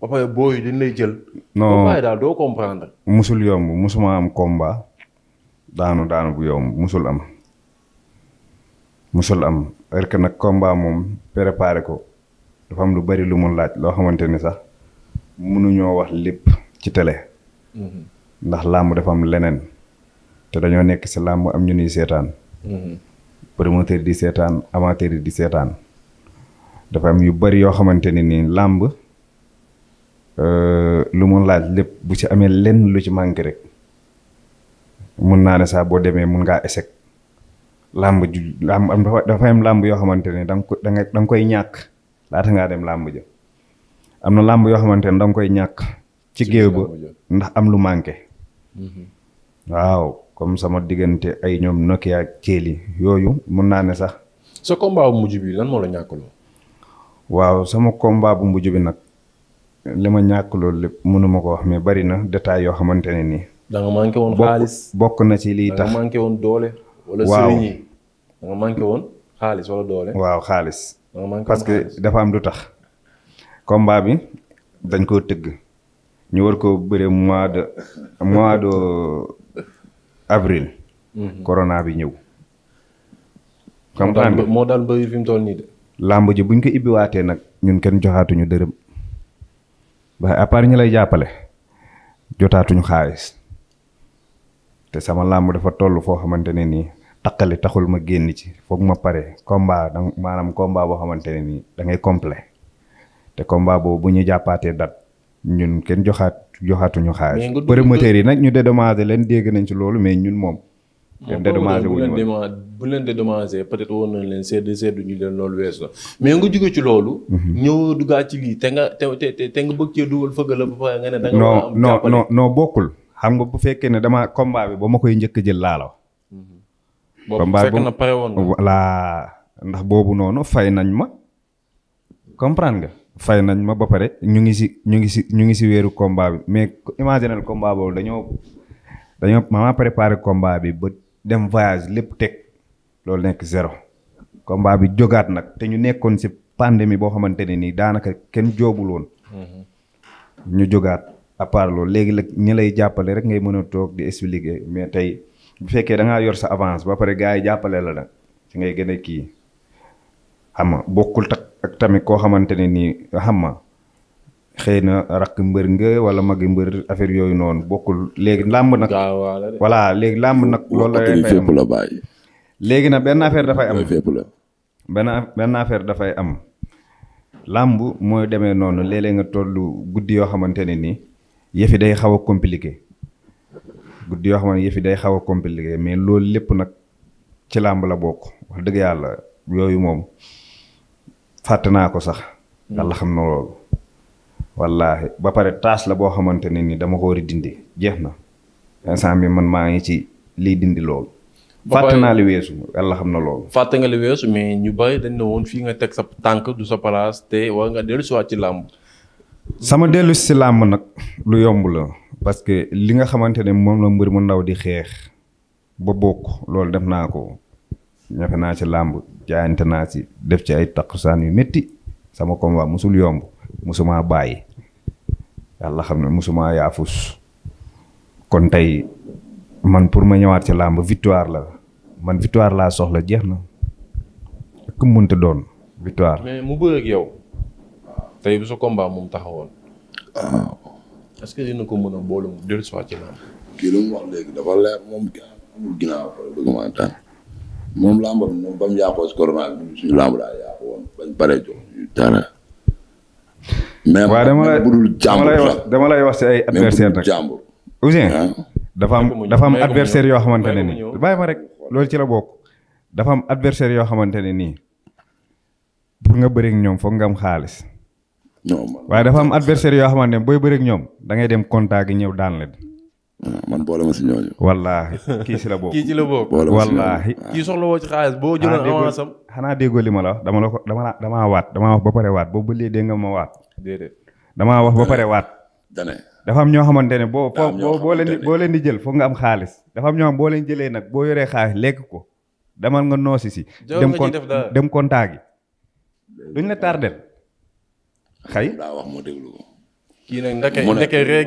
ba pare booy dañ lay jël. non ba daal doo comprendre. musul yomb musuma am komba daanu daanu bu yomb musul am. musul am heure que nag combat moom préparé ko dafa am lu bari lu mun laaj loo xamante ni sax mënuñoo wax lépp ci tele mhm. ndax làmb dafa am leneen te dañoo nekk si làmb am ñu nuy seetaan. Mhm. promoteur di seetaan amateur di seetaan dafa am yu bari yoo xamante ne nii làmb euh, lu mu laaj lépp bu ci amee lenn lu ci manqué rek mun naa ne saa boo demee mun ngaa échec. làmb ju làmb am dafa am làmb yoo xamante ne da nga ko da nga koy ñàkk laata ngaa dem lamb ja am na làmb yoo xamante ne danga koy ñàkk ci géew ndax am lu manqué mhm. waaw comme sama diggante ay ñoom Nokia ak Kéli yooyu mun naa ne sax. sa combat bu mujj bi lan moo la ñàkkloo. sama combat bu mujj bi nag li ma ñàkkloo lépp mënuma ko wax mais bari na détails yoo xamante ne nii. da nga manqué woon bokk na ci liy tax da nga woon doole. wala sëriñ yi da woon xaalis doole. waaw xaalis. parce que dafa am lu tax. combat bi dañ koo tëgg. ñu war ko bëree mois de mois de avril. Mhm. corona bi ñëw. comme moo moo daal bëri fi mu toll nii de. làmb ji buñ ko ibbiwaatee nag ñun kenn joxaatuñu dërëm. waaye à part lay jàppale jotaatuñu xaalis. te sama làmb dafa toll foo xamante ne nii takkali taxul ma génn ci foog ma pare combat da maanaam combat boo xamante ne nii da ngay complet te combat boobu bu ñu jàppaatee dat ñun kenn joxaat joxaatuñu xaalis. promoteurs yi nag ñu dédommagé leen dégg nañ ci loolu mais ñun moom. Ah, kenn dédommagé wu ñu bu leen dédommagé peut-être woon nañ leen sedd seddu ñu leen loolu weesu mais nga jóge ci loolu. Mhm. ñëw duggaat ci lii te nga te te te nga bëgg cee dugal fëgg la ba pare nga ne. da nga non non bokkul. xam nga bu fekkee ne dama combat bi ba ma koy njëkk jël laa la wax. Mm-hmm. boobu pare woon nga voilà ndax boobu noonu fay nañ ma comprendre nga. fay nañ ma ba pare ñu ngi si ñu ngi si ñu ngi si weeru combat bi mais imaginal combat boobu dañoo dañoo ma préparer combat bi ba dem voyage lépp teg loolu nekk zéro. combat bi jógaat nag te ñu nekkoon si pandémie boo xamante ne nii daanaka kenn joobul woon. Mm-hmm. ñu jógaat à part léegi nag ñi lay jàppale rek ngay mën a toog di expliquer mais tey bu fekkee da yor sa avance ba pare gars yi jàppale la nag ci ngay gën kii xam bokkul tak ak tamit koo xamante ne nii xam nga xëy na raq mbër nga wala magi mbër affaire yooyu noonu bokkul léegi làmb nag. voilà léegi làmb nag. loolu la fépp la bàyyi. léegi nag benn affaire dafay am fépp la. benn benn dafay am. làmb mooy demee noonu léeg nga toll guddi yoo xamante ne nii. yëfi day xaw a compliqué guddi yoo xam yëfi day xaw a compliqué mais loolu lépp nag ci làmb la bokk wax dëgg yàlla yooyu moom fàtte naa ko sax. Mm. yàlla xam na loolu. wallaahi ba pare taas la boo xamante ne ni dama ko war dindi jeex na instant bi man maa ngi ci lii dindi loolu. fàtte naa li weesu yàlla xam na loolu. fàtte nga li weesu mais ñu bari dañ ne woon fii nga teg sa tànk du sa place te war nga dellusiwaat ci làmb. sama dellu si làmb nag lu yomb la parce que li nga xamante ne moom la mbër mu ndaw di xeex ba bokk loolu def naa ko ñafe naa ci làmb jaayante naa ci def ci ay takkusaan yu metti sama combat musul yomb musuma baay yàlla xam ne musuma yaafus kon tey man pour ma ñëwaat ci làmb victoire la man victoire laa soxla jeex na ku mënta doon victoire. mais yow. tey bu sa combat moom taxawoon. waaw. Ah. ko mën a boole mu dellu si waat moom làmbam moom ba mu yàqoo si corona laa yàqu woon bañ paree jox dara. mais dama lay dama lay wax si ay adversaire rek jàmbur. Ouzin ah. dafa am dafa am adversaire yoo xamante ne nii bàyyi ma rek loolu ci la bokk dafa am adversaire yoo xamante ne nii pour nga bëri ñoom foog nga am xaalis. waaye dafa am adversaire yoo xamante ne booy bëri ñoom da dem contact gi ñëw daan leen. man boole ma si ñooñu. wallaahi kii si la bokk kii si la bokk. wallaahi ah. kii soxla woo ci xaalis boo jëloon avance am. xanaa déggoo li ma la dama la ko dama la damaa waat damaa wax ba pare waat boobu ba léegi nga ma waat. damaa wax ba pare waat. dafa am ñoo xamante ne boo boo leen di jël foog nga am xaalis dafa am ñoo xam boo leen jëlee nag boo yoree xaalis lekk ko demal nga noosi si. dem contact gi duñ la tardel xay moo déglu ko. kii nag ndeke ndeke ree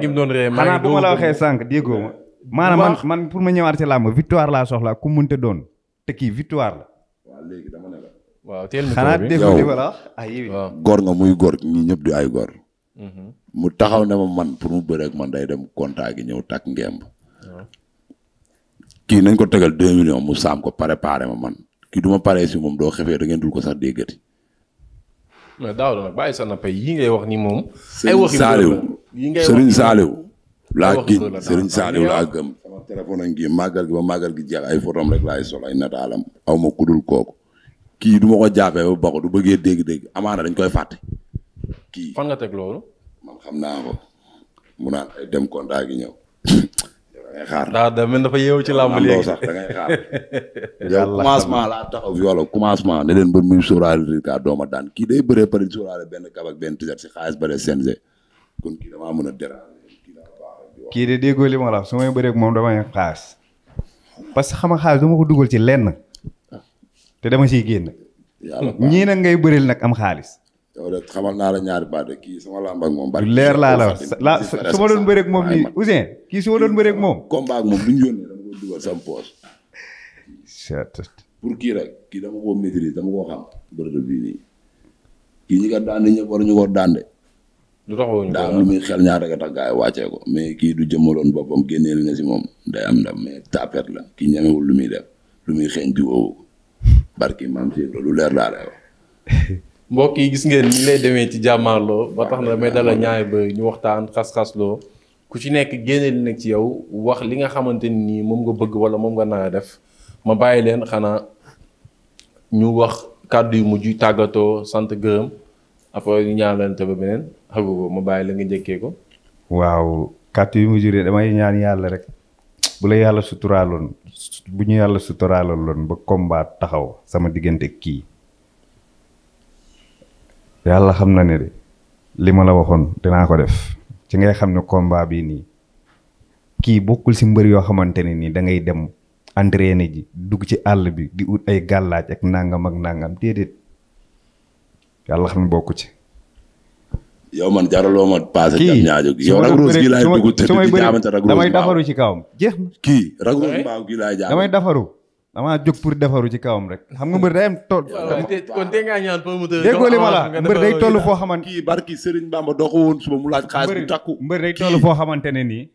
xanaa bu ma la waxee sànq déggoo ma. maanaam man man pour ma ñëwaat ci làmb victoire laa soxla ku mënta doon te kii victoire la. léegi dama waaw teel xanaa déglu li ma la wax ay ah, góor nga muy góor ñi ñëpp di ay góor. Mhm. mu taxaw ne ma man pour mu bëre ak man day dem contact gi ñëw takk ngemb. kii nañ ko tegal deux millions mu saam ko préparé ma man kii du ma paree si moom doo xefee da ngeen dul ko sax déggati. mais daaw nag bàyyi sa nappe yi ngay wax ni moom. ay waxi Saaliw Serigne Saaliw laa gëm Serigne Saaliw laa gëm. sama téléphone a ngi màggal gi ba màggal gi jeex ay fotom rek laay sol ay nataalam aw ma kudul kooku kii du ma ko jàppee ba bako du bëggee dégg-dégg amaana dañ koy fàtte kii. fan nga teg loolu. man xam naa ko mu naan ay dem kontaa ñëw. daa da dafa yeewu ci làmb léegi sax laa taxaw yoolo commencement ne leen ba kii day bëree pare sóoraale benn kab ak benn si xaalis bare CNG kon kii damaa mën a déranger kii daa baax. de déggoo li ma la su may bëree ak moom damay xaalis parce que xam nga xaalis dama ko dugal ci lenn ah. te dama siy génn. yàlla ñii nag ngay bëreel nag am xaalis. yow de xamal naa la ñaari baat de kii sama moom. bari leer laa la la su ma doon bëree ak moom nii Ouzin kii su ma moom. combat ak moom du ñu yónnee dama ko pour kii rek kii dama koo maîtrise kii ñi ko daan ñëpp war xel ñaar rek a ko mais kii du jëmmaloon boppam génneel moom day am ndam mais tapet la kii lu muy def lu muy xeeñ ci woowu barki lu leer laa lay wax mbokk yi gis ngeen ni lay demee ci jàmmaarloo ba tax na damay dala ñaay ba ñu waxtaan xas-xasloo ku ci nekk génne li nag ci yow wax li nga xamante ni moom nga bëgg wala moom nga naa def ma bàyyi leen xanaa ñu wax kàddu yu mujj tàggatoo sant gërëm après ñu ñaanalante ba beneen xagu ko ma bàyyi la nga njëkkee ko. waaw kàddu yu mujj de damay ñaan yàlla rek. bu la yàlla suturaaloon bu ñu yàlla suturaaloon ba combat taxaw sama diggante kii yàlla xam na ne de li ma la waxoon dinaa ko def ci ngay xam ne combat bii nii kii bokkul si mbër yoo xamante ne nii da ngay dem entraîné ji dugg ci àll bi di ut ay gàllaaj ak nangam ak nangam déedéet yàlla xam ne bokku ci. yow man jaraloo ma paase. kii yow Lac Rose gi laay dugg te damay dafaru ci kawam jeex na kii Lac Rose mbaaw gi damay dafaru. damaa jóg pour defaru ci kawam rek xam nga mbër day am tool. kon tey ngaa ñaan promoteur. déggoo li ma la mbër day toll foo xamante. kii barki Serigne Bamba mu laaj xaalis bu takku. mbër day toll foo xamante ne nii.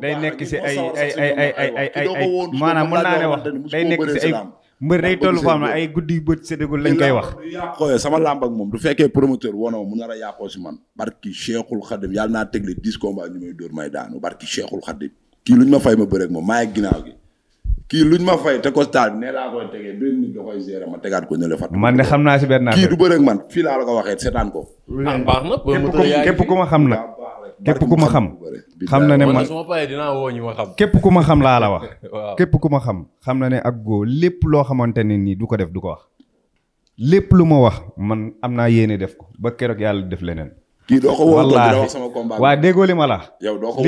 day nekk si ay ay ay ay ay ay ay maanaam mën naa ne wax day nekk si ay. mbër day toll foo xam ne ay guddi yu bët séddagul lañ koy wax. yàqoo sama làmb moom du fekkee promoteur woonoo mu nar a yàqoo si man. barki Cheikhul Khadim yal naa tegle dix combat ñu may dóor may daanu barki Cheikhul Khadim kii lu ñu ma fay ma bëreeg moom maa ngi ginaaw gi kii luñ ma fay te constat bi nee laa koy tegaat man de xam naa si benn affaire kii man fii laa la ko waxee seetaan ko. Ah, képp ku ma xam nag. képp ku ma xam. xam na ne man ma paree dinaa woo ñu ma xam. képp ku ma xam laa la wax. képp ku ma xam xam na ne ak góor lépp loo xamante ne nii du ko def du ko wax. lépp lu ma wax man am naa yéene def ko ba keroog yàlla def leneen. kii waa déggoo ma la. yow doo ko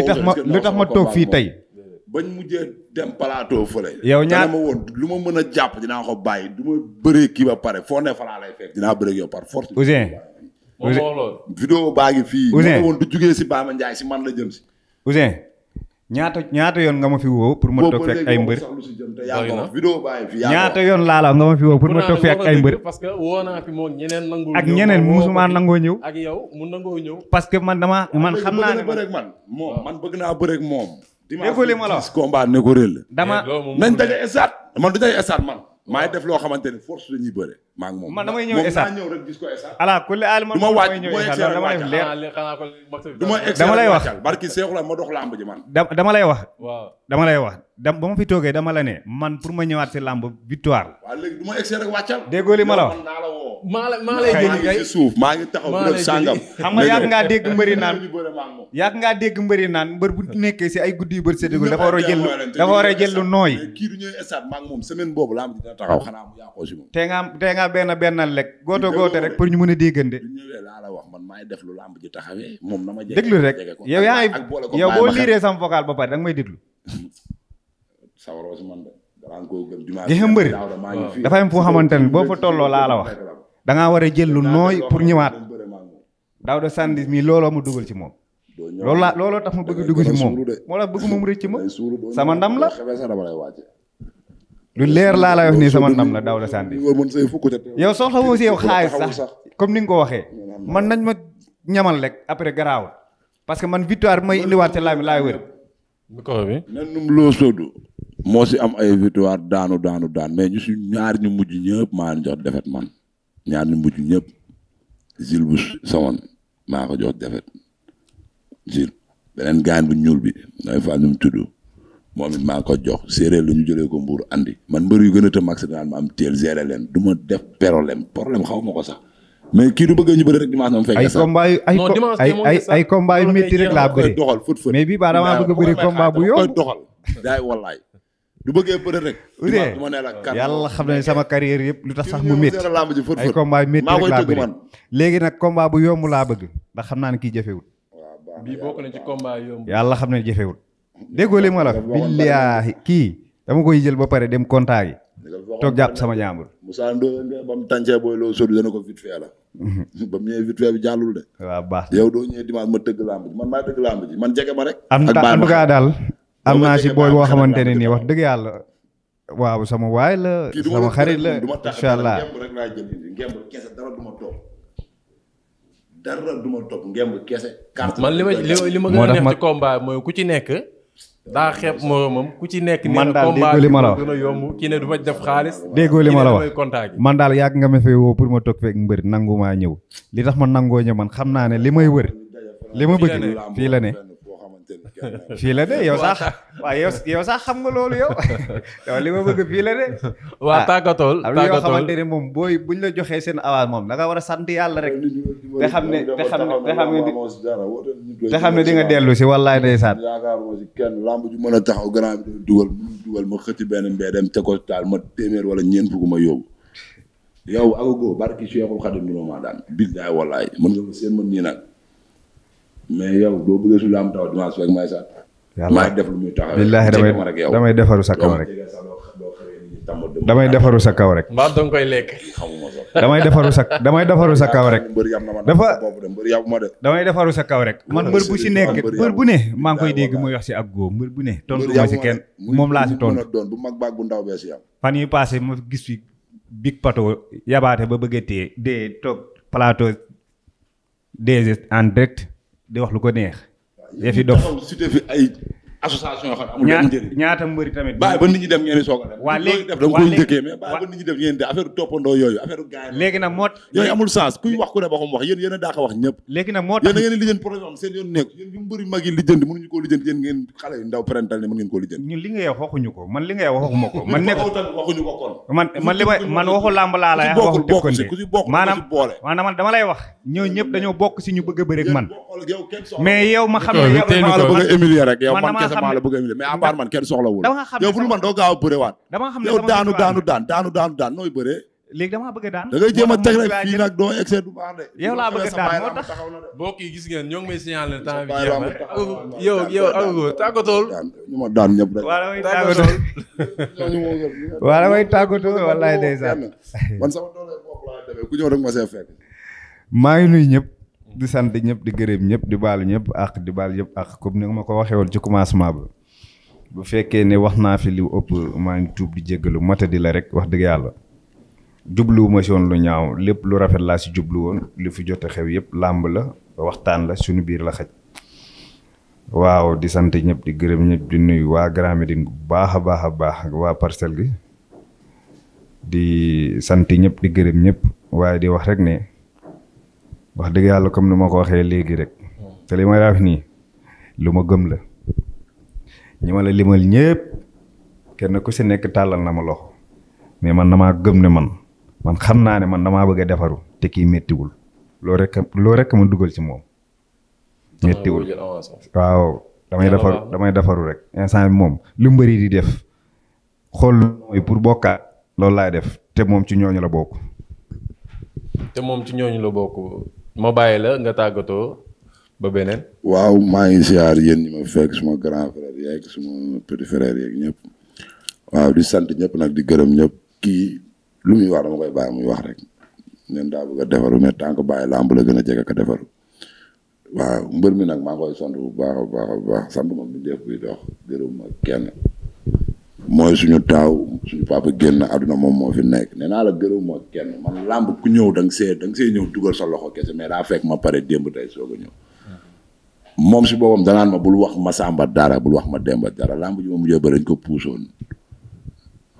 li tax ma toog fii tey bañ mujjee dem plateau fële. yow ñaar ma lu ma mën a jàpp dinaa ko bàyyi du ma kii ba pare foo ne fa laa lay fekk dinaa par force. Ouzin. Ouzin vidéo baa ngi fii. Ouzin woon du jugee si Baama Ndiaye si man la jëm si. Ouzin ñaata ñaata yoon nga ma fi woo pour ma toog ay mbër. ñaata yoon laa la nga ma fi woo pour ma toog fi ak ay mbër. parce que woo naa fi moom ñeneen nangu ak ñeneen musuma nangoo ñëw. ak yow mu nangoo ñëw. parce que man dama ah, man xam naa ne man bëgg naa bëreeg man moom ah. man bëgg naa bëreeg moom déggoo li ma a wax combat négoré la. dama nañ daje esaat man du daje esaat man. maay def loo xamante ni force la ñuy bëre. maa ngi moom damay ñëw esaat moom naa ñëw rek gis ko esaat. ala kulli aal man moom damay ñëw esaat ah, dama dama lay wax barki seexu la ma dox lamb ji man. dama lay wax. dama lay wax dam ba mu fi toogee dama la ne man pour ma ñëwaat si làmb victoire. waaw léegi du ma egg rek wàccal. li ma la wax maa maa lay génn kay suuf ngi taxaw bu xam nga yàgg ngaa dégg mbëri naan yàgg ngaa dégg mbëri naan mbër bu nekkee si ay guddi yu bër séddagul dafa war a jël dafa war a jël nooy. kii du ñëw stade moom semaine boobu làmb taxaw xanaa mu yàqoo si moom. tey nga tey nga benn lekk rek gooto rek pour ñu mën a déggante. wax man maay def lu làmb ji taxawee moom na ma déglu rek yow yaa ngi yow boo liiree sam vocal ba pare danga may déglu sawaroo si man de. gis mbër dafa am foo xamante ne boo fa tolloo laa la wax da ngaa war a jël lu nooy pour ñëwaat Daouda Sandwich mii looloo ma dugal ci moom. loolu laa looloo tax ma bëgg dugg ci moom moo tax bëgg moom rëcc ma sama ndam la. lu leer laa la wax nii sama ndam la Daouda Sandwich. yow soo woo si yow xaalis sax comme ni nga ko waxee man nañ ma ñamal lekk après garaawul parce que man victoire bi may indiwaat ci laay laay wër. micro bi. nen num loo soodu. moo si am ay victoire daanu daanu daan mais ñu si ñaar ñu mujj ñëpp maa jox defet man ñaar ñu mujj ñëpp sil bu Sawan maa ko jox defet Gilles beneen gaañ bu ñuul bi nooy faa ñu tudd moom it maa ko jox séeréer lu ñu jëlee ko mbuur andi man mbër yu gën a tëm accident ma am teel gérer leen du ma def problème problème xaw ma ko sax. mais kii du bëggee ñu bëri rek dimanche na mu fekk. ay combat yu ay ay ay combat yu rek laa bëri doxal mais bii baa damaa bëgg a bëri combat bu yomb doxal daay wallaay du bëggee bëri rek. dimanche du ma la xam ne sama carrière yëpp lu tax sax mu métti ay combat yu métti rek laa bëri léegi nag combat bu yomb laa bëgg ndax xam naa ne kii jafewul. bii bokk yàlla xam ne jafewul. déggoo li ma la billaahi kii dama koy jël ba pare dem contact yi sama jàmbur. Moussa Ndoye ba la ba mu ñëwee victoire bi jàllul baax yow doo ñëwee dimanche ma tëgg làmb ji man maa tëgg làmb ji man jege ma rek. am en tout cas daal am naa si booy boo xamante ne nii wax dëgg yàlla. waaw sama waay la sama xarit la incha allah ngemb rek laa jënd ngemb kese dara du ma topp dara du ma man li ma li ma gën a neex ci combat mooy ku ci nekk. daa xeeb moromam ku ci nekk. man daal déggoo li ma la wax yomb kii ne du ma def xaalis. déggoo li ma la wax man daal yàgg nga ma fee woo pour ma toog feeg mbër nangu maa ñëw. li tax ma nangoo ñëw man xam naa ne li may wër. li ma bëgg fii la ne. fii la de yow sax waaw yow yow xam nga loolu yow yow li ma bëgg fii la de. waaw tàggatool tàggatool yoo xamante moom booy buñ la joxee seen avance da war a sant yàlla rek. te xam ne te xam xam ne di dellu si wallaay ndeysaan. yaakaar ma si kenn lamb mën a taxaw grand bi dugal dugal ma xëcc benn mbee dem te ko taal ma téeméer wala ñeent fukk ma yóbbu. yow Agogo barki Cheikhul Khadim maa daan. billaay wallaay mën nga seen mën nii nag. mais yow doo bëggee suñu am taw dimanche fekk may sax. maa def lu muy taxaw billaahi damay damay defaru sa kaw rek. damay defaru sa kaw rek. mbaa danga koy lekk. damay defaru sa damay defaru sa kaw rek. dafa damay defaru sa kaw rek. man mbër bu si nekk mbër bu ne maa ngi koy dégg muy wax si ak góob mbër bu ne. tontu ma si kenn moom laa si tontu. bu mag baag bu ndaw bee si yow. fan yi passé ma gis fi big pato yabaate ba bëgg a téye dee toog plateau des en direct. di wax lu ko neex. yëf yi tamit. bàyyi ba nit ñi a dem. waa léegi def da nga ngeen di affaire yooyu affaire gaay léegi nag moo yooyu amul sens kuy wax ku ne ba xam wax yéen a man li nga wax man waxu làmb laa la wax def ko maanaam maanaam dama lay wax ñoo ñëpp dañoo bokk si ñu bëgg a bëri ak man mais yow ma xam ne yow maa la bëgg a humilier rek yow man kese maa la bëgg a humilier mais à part man kenn soxlawul yow bul man doo a bëre waat yow daanu daanu daan daanu daanu daan nooy bëree léegi damaa bëgg a daan da ngay jéem a teg rek fii nag doo excès du baax de yow laa bëgg a daan moo tax bokk yi gis ngeen ñoo ngi may signaler temps bi jeex ma daan ma see ngi nuyu ñëpp di sant ñëpp di gërëm ñëpp di baalu ñëpp ak di baal ñëpp ak comme ni ma ko waxee woon ci commencement ba bu fekkee ne wax naa fi li ëpp maa ngi tuub di jéggalu matadi la rek wax dëgg yàlla jubluwuma si woon lu ñaaw lépp lu rafet laa si jublu woon li fi jot xew yëpp làmb la waxtaan la suñu biir la xaj waaw di sant ñëpp di gërëm ñëpp di nuyu waa Grand Médine bu baax a baax a baax ak waa parcelle gi di sant ñëpp di gërëm ñëpp waaye di wax rek ne wax dëgg yàlla comme ni ma ko waxee léegi rek hmm. te li may wax nii lu ma gëm la ñi ma la limal ñëpp kenn ku si nekk tàllal na ma loxo mais man damaa gëm ne man man xam naa ne man damaa bëgg a defaru te kii méttiwul loo rek loo rekk ma dugal si moom. Ah, méttiwul waaw damay defaru damay defaru rek instant bi moom lu mbëri di def xool mooy pour bokkaat loolu laay def te moom ci ñooñu la bokk. te moom ci ñooñu la bokk ma bàyyi la nga tàggatoo ba beneen. waaw maa ngi ziar yéen ñi ma fekk suma grand frère yeeg suma petit frère yeeg ñëpp waaw di sant ñëpp nag di gërëm ñëpp kii lu muy wax dama koy baax muy wax rek ñun daa bëgg a defaru mais tànk que làmb la gën a jege ka defaru mbër mi nag maa ngi bu baax a baax a baax sant ma bi def buy dox gërëm ma kenn. mooy suñu taaw suñu papa génn àdduna moom moo fi nekk nee naa la gërëm moo kenn man làmb ku ñëw da see da nga see ñëw dugal sa loxo kese mais daa fekk ma pare démb tey soog a ñëw moom si boppam danaan ma bul wax ma sàmba dara bul wax ma demba dara làmb ji ma mujjee bëri dañ ko puusoon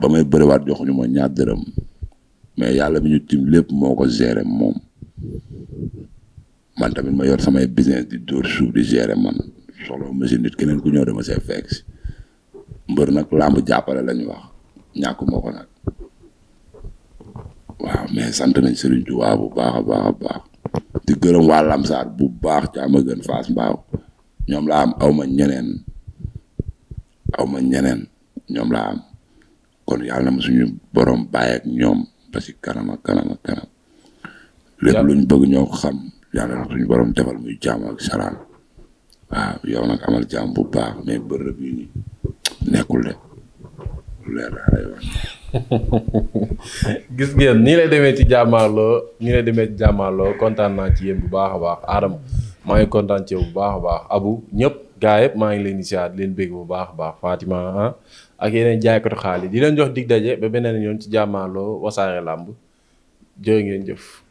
ba may bëriwaat joxuñu ma ñaar dërëm mais yàlla bi ñu tim lépp moo ko géré moom man tamit ma yor samay business di dóor suuf di géré man soxla machine nit keneen ku ñëw dama see fekk mbër nag làmb jàppale lañu wax ñàkkuma ko waaw mais sant nañ Serigne Touba bu baax a baax a baax di gërëm waa Lamsaar bu baax ca ama gën faas mbaaw ñoom la am awma ñeneen awma ñeneen ñoom la am kon yàlla na ma suñu borom bàyyi ak ñoom ba si kanam ak kanam ak kanam luñ bëgg ñoo xam yàlla na suñu borom defal muy jaam ak salaam waaw yow nag amal jàmm bu baax mais bërëb yi nii nekkul de gis ngeen nii lay demee ci jàmmaarloo nii lay demee ci jàmmaarloo kontaan naa ci yéen bu baax a baax Adama maa ngi kontaan ci yow bu baax a baax Abu ñëpp gaa yëpp maa ngi leen di siyaat leen bégg bu baax a baax Fatima ah ak yeneen jaaykatu xaalis di leen jox dig daje ba beneen yoon ci jàmmaarloo wasaare làmb jërë ngeen jëf.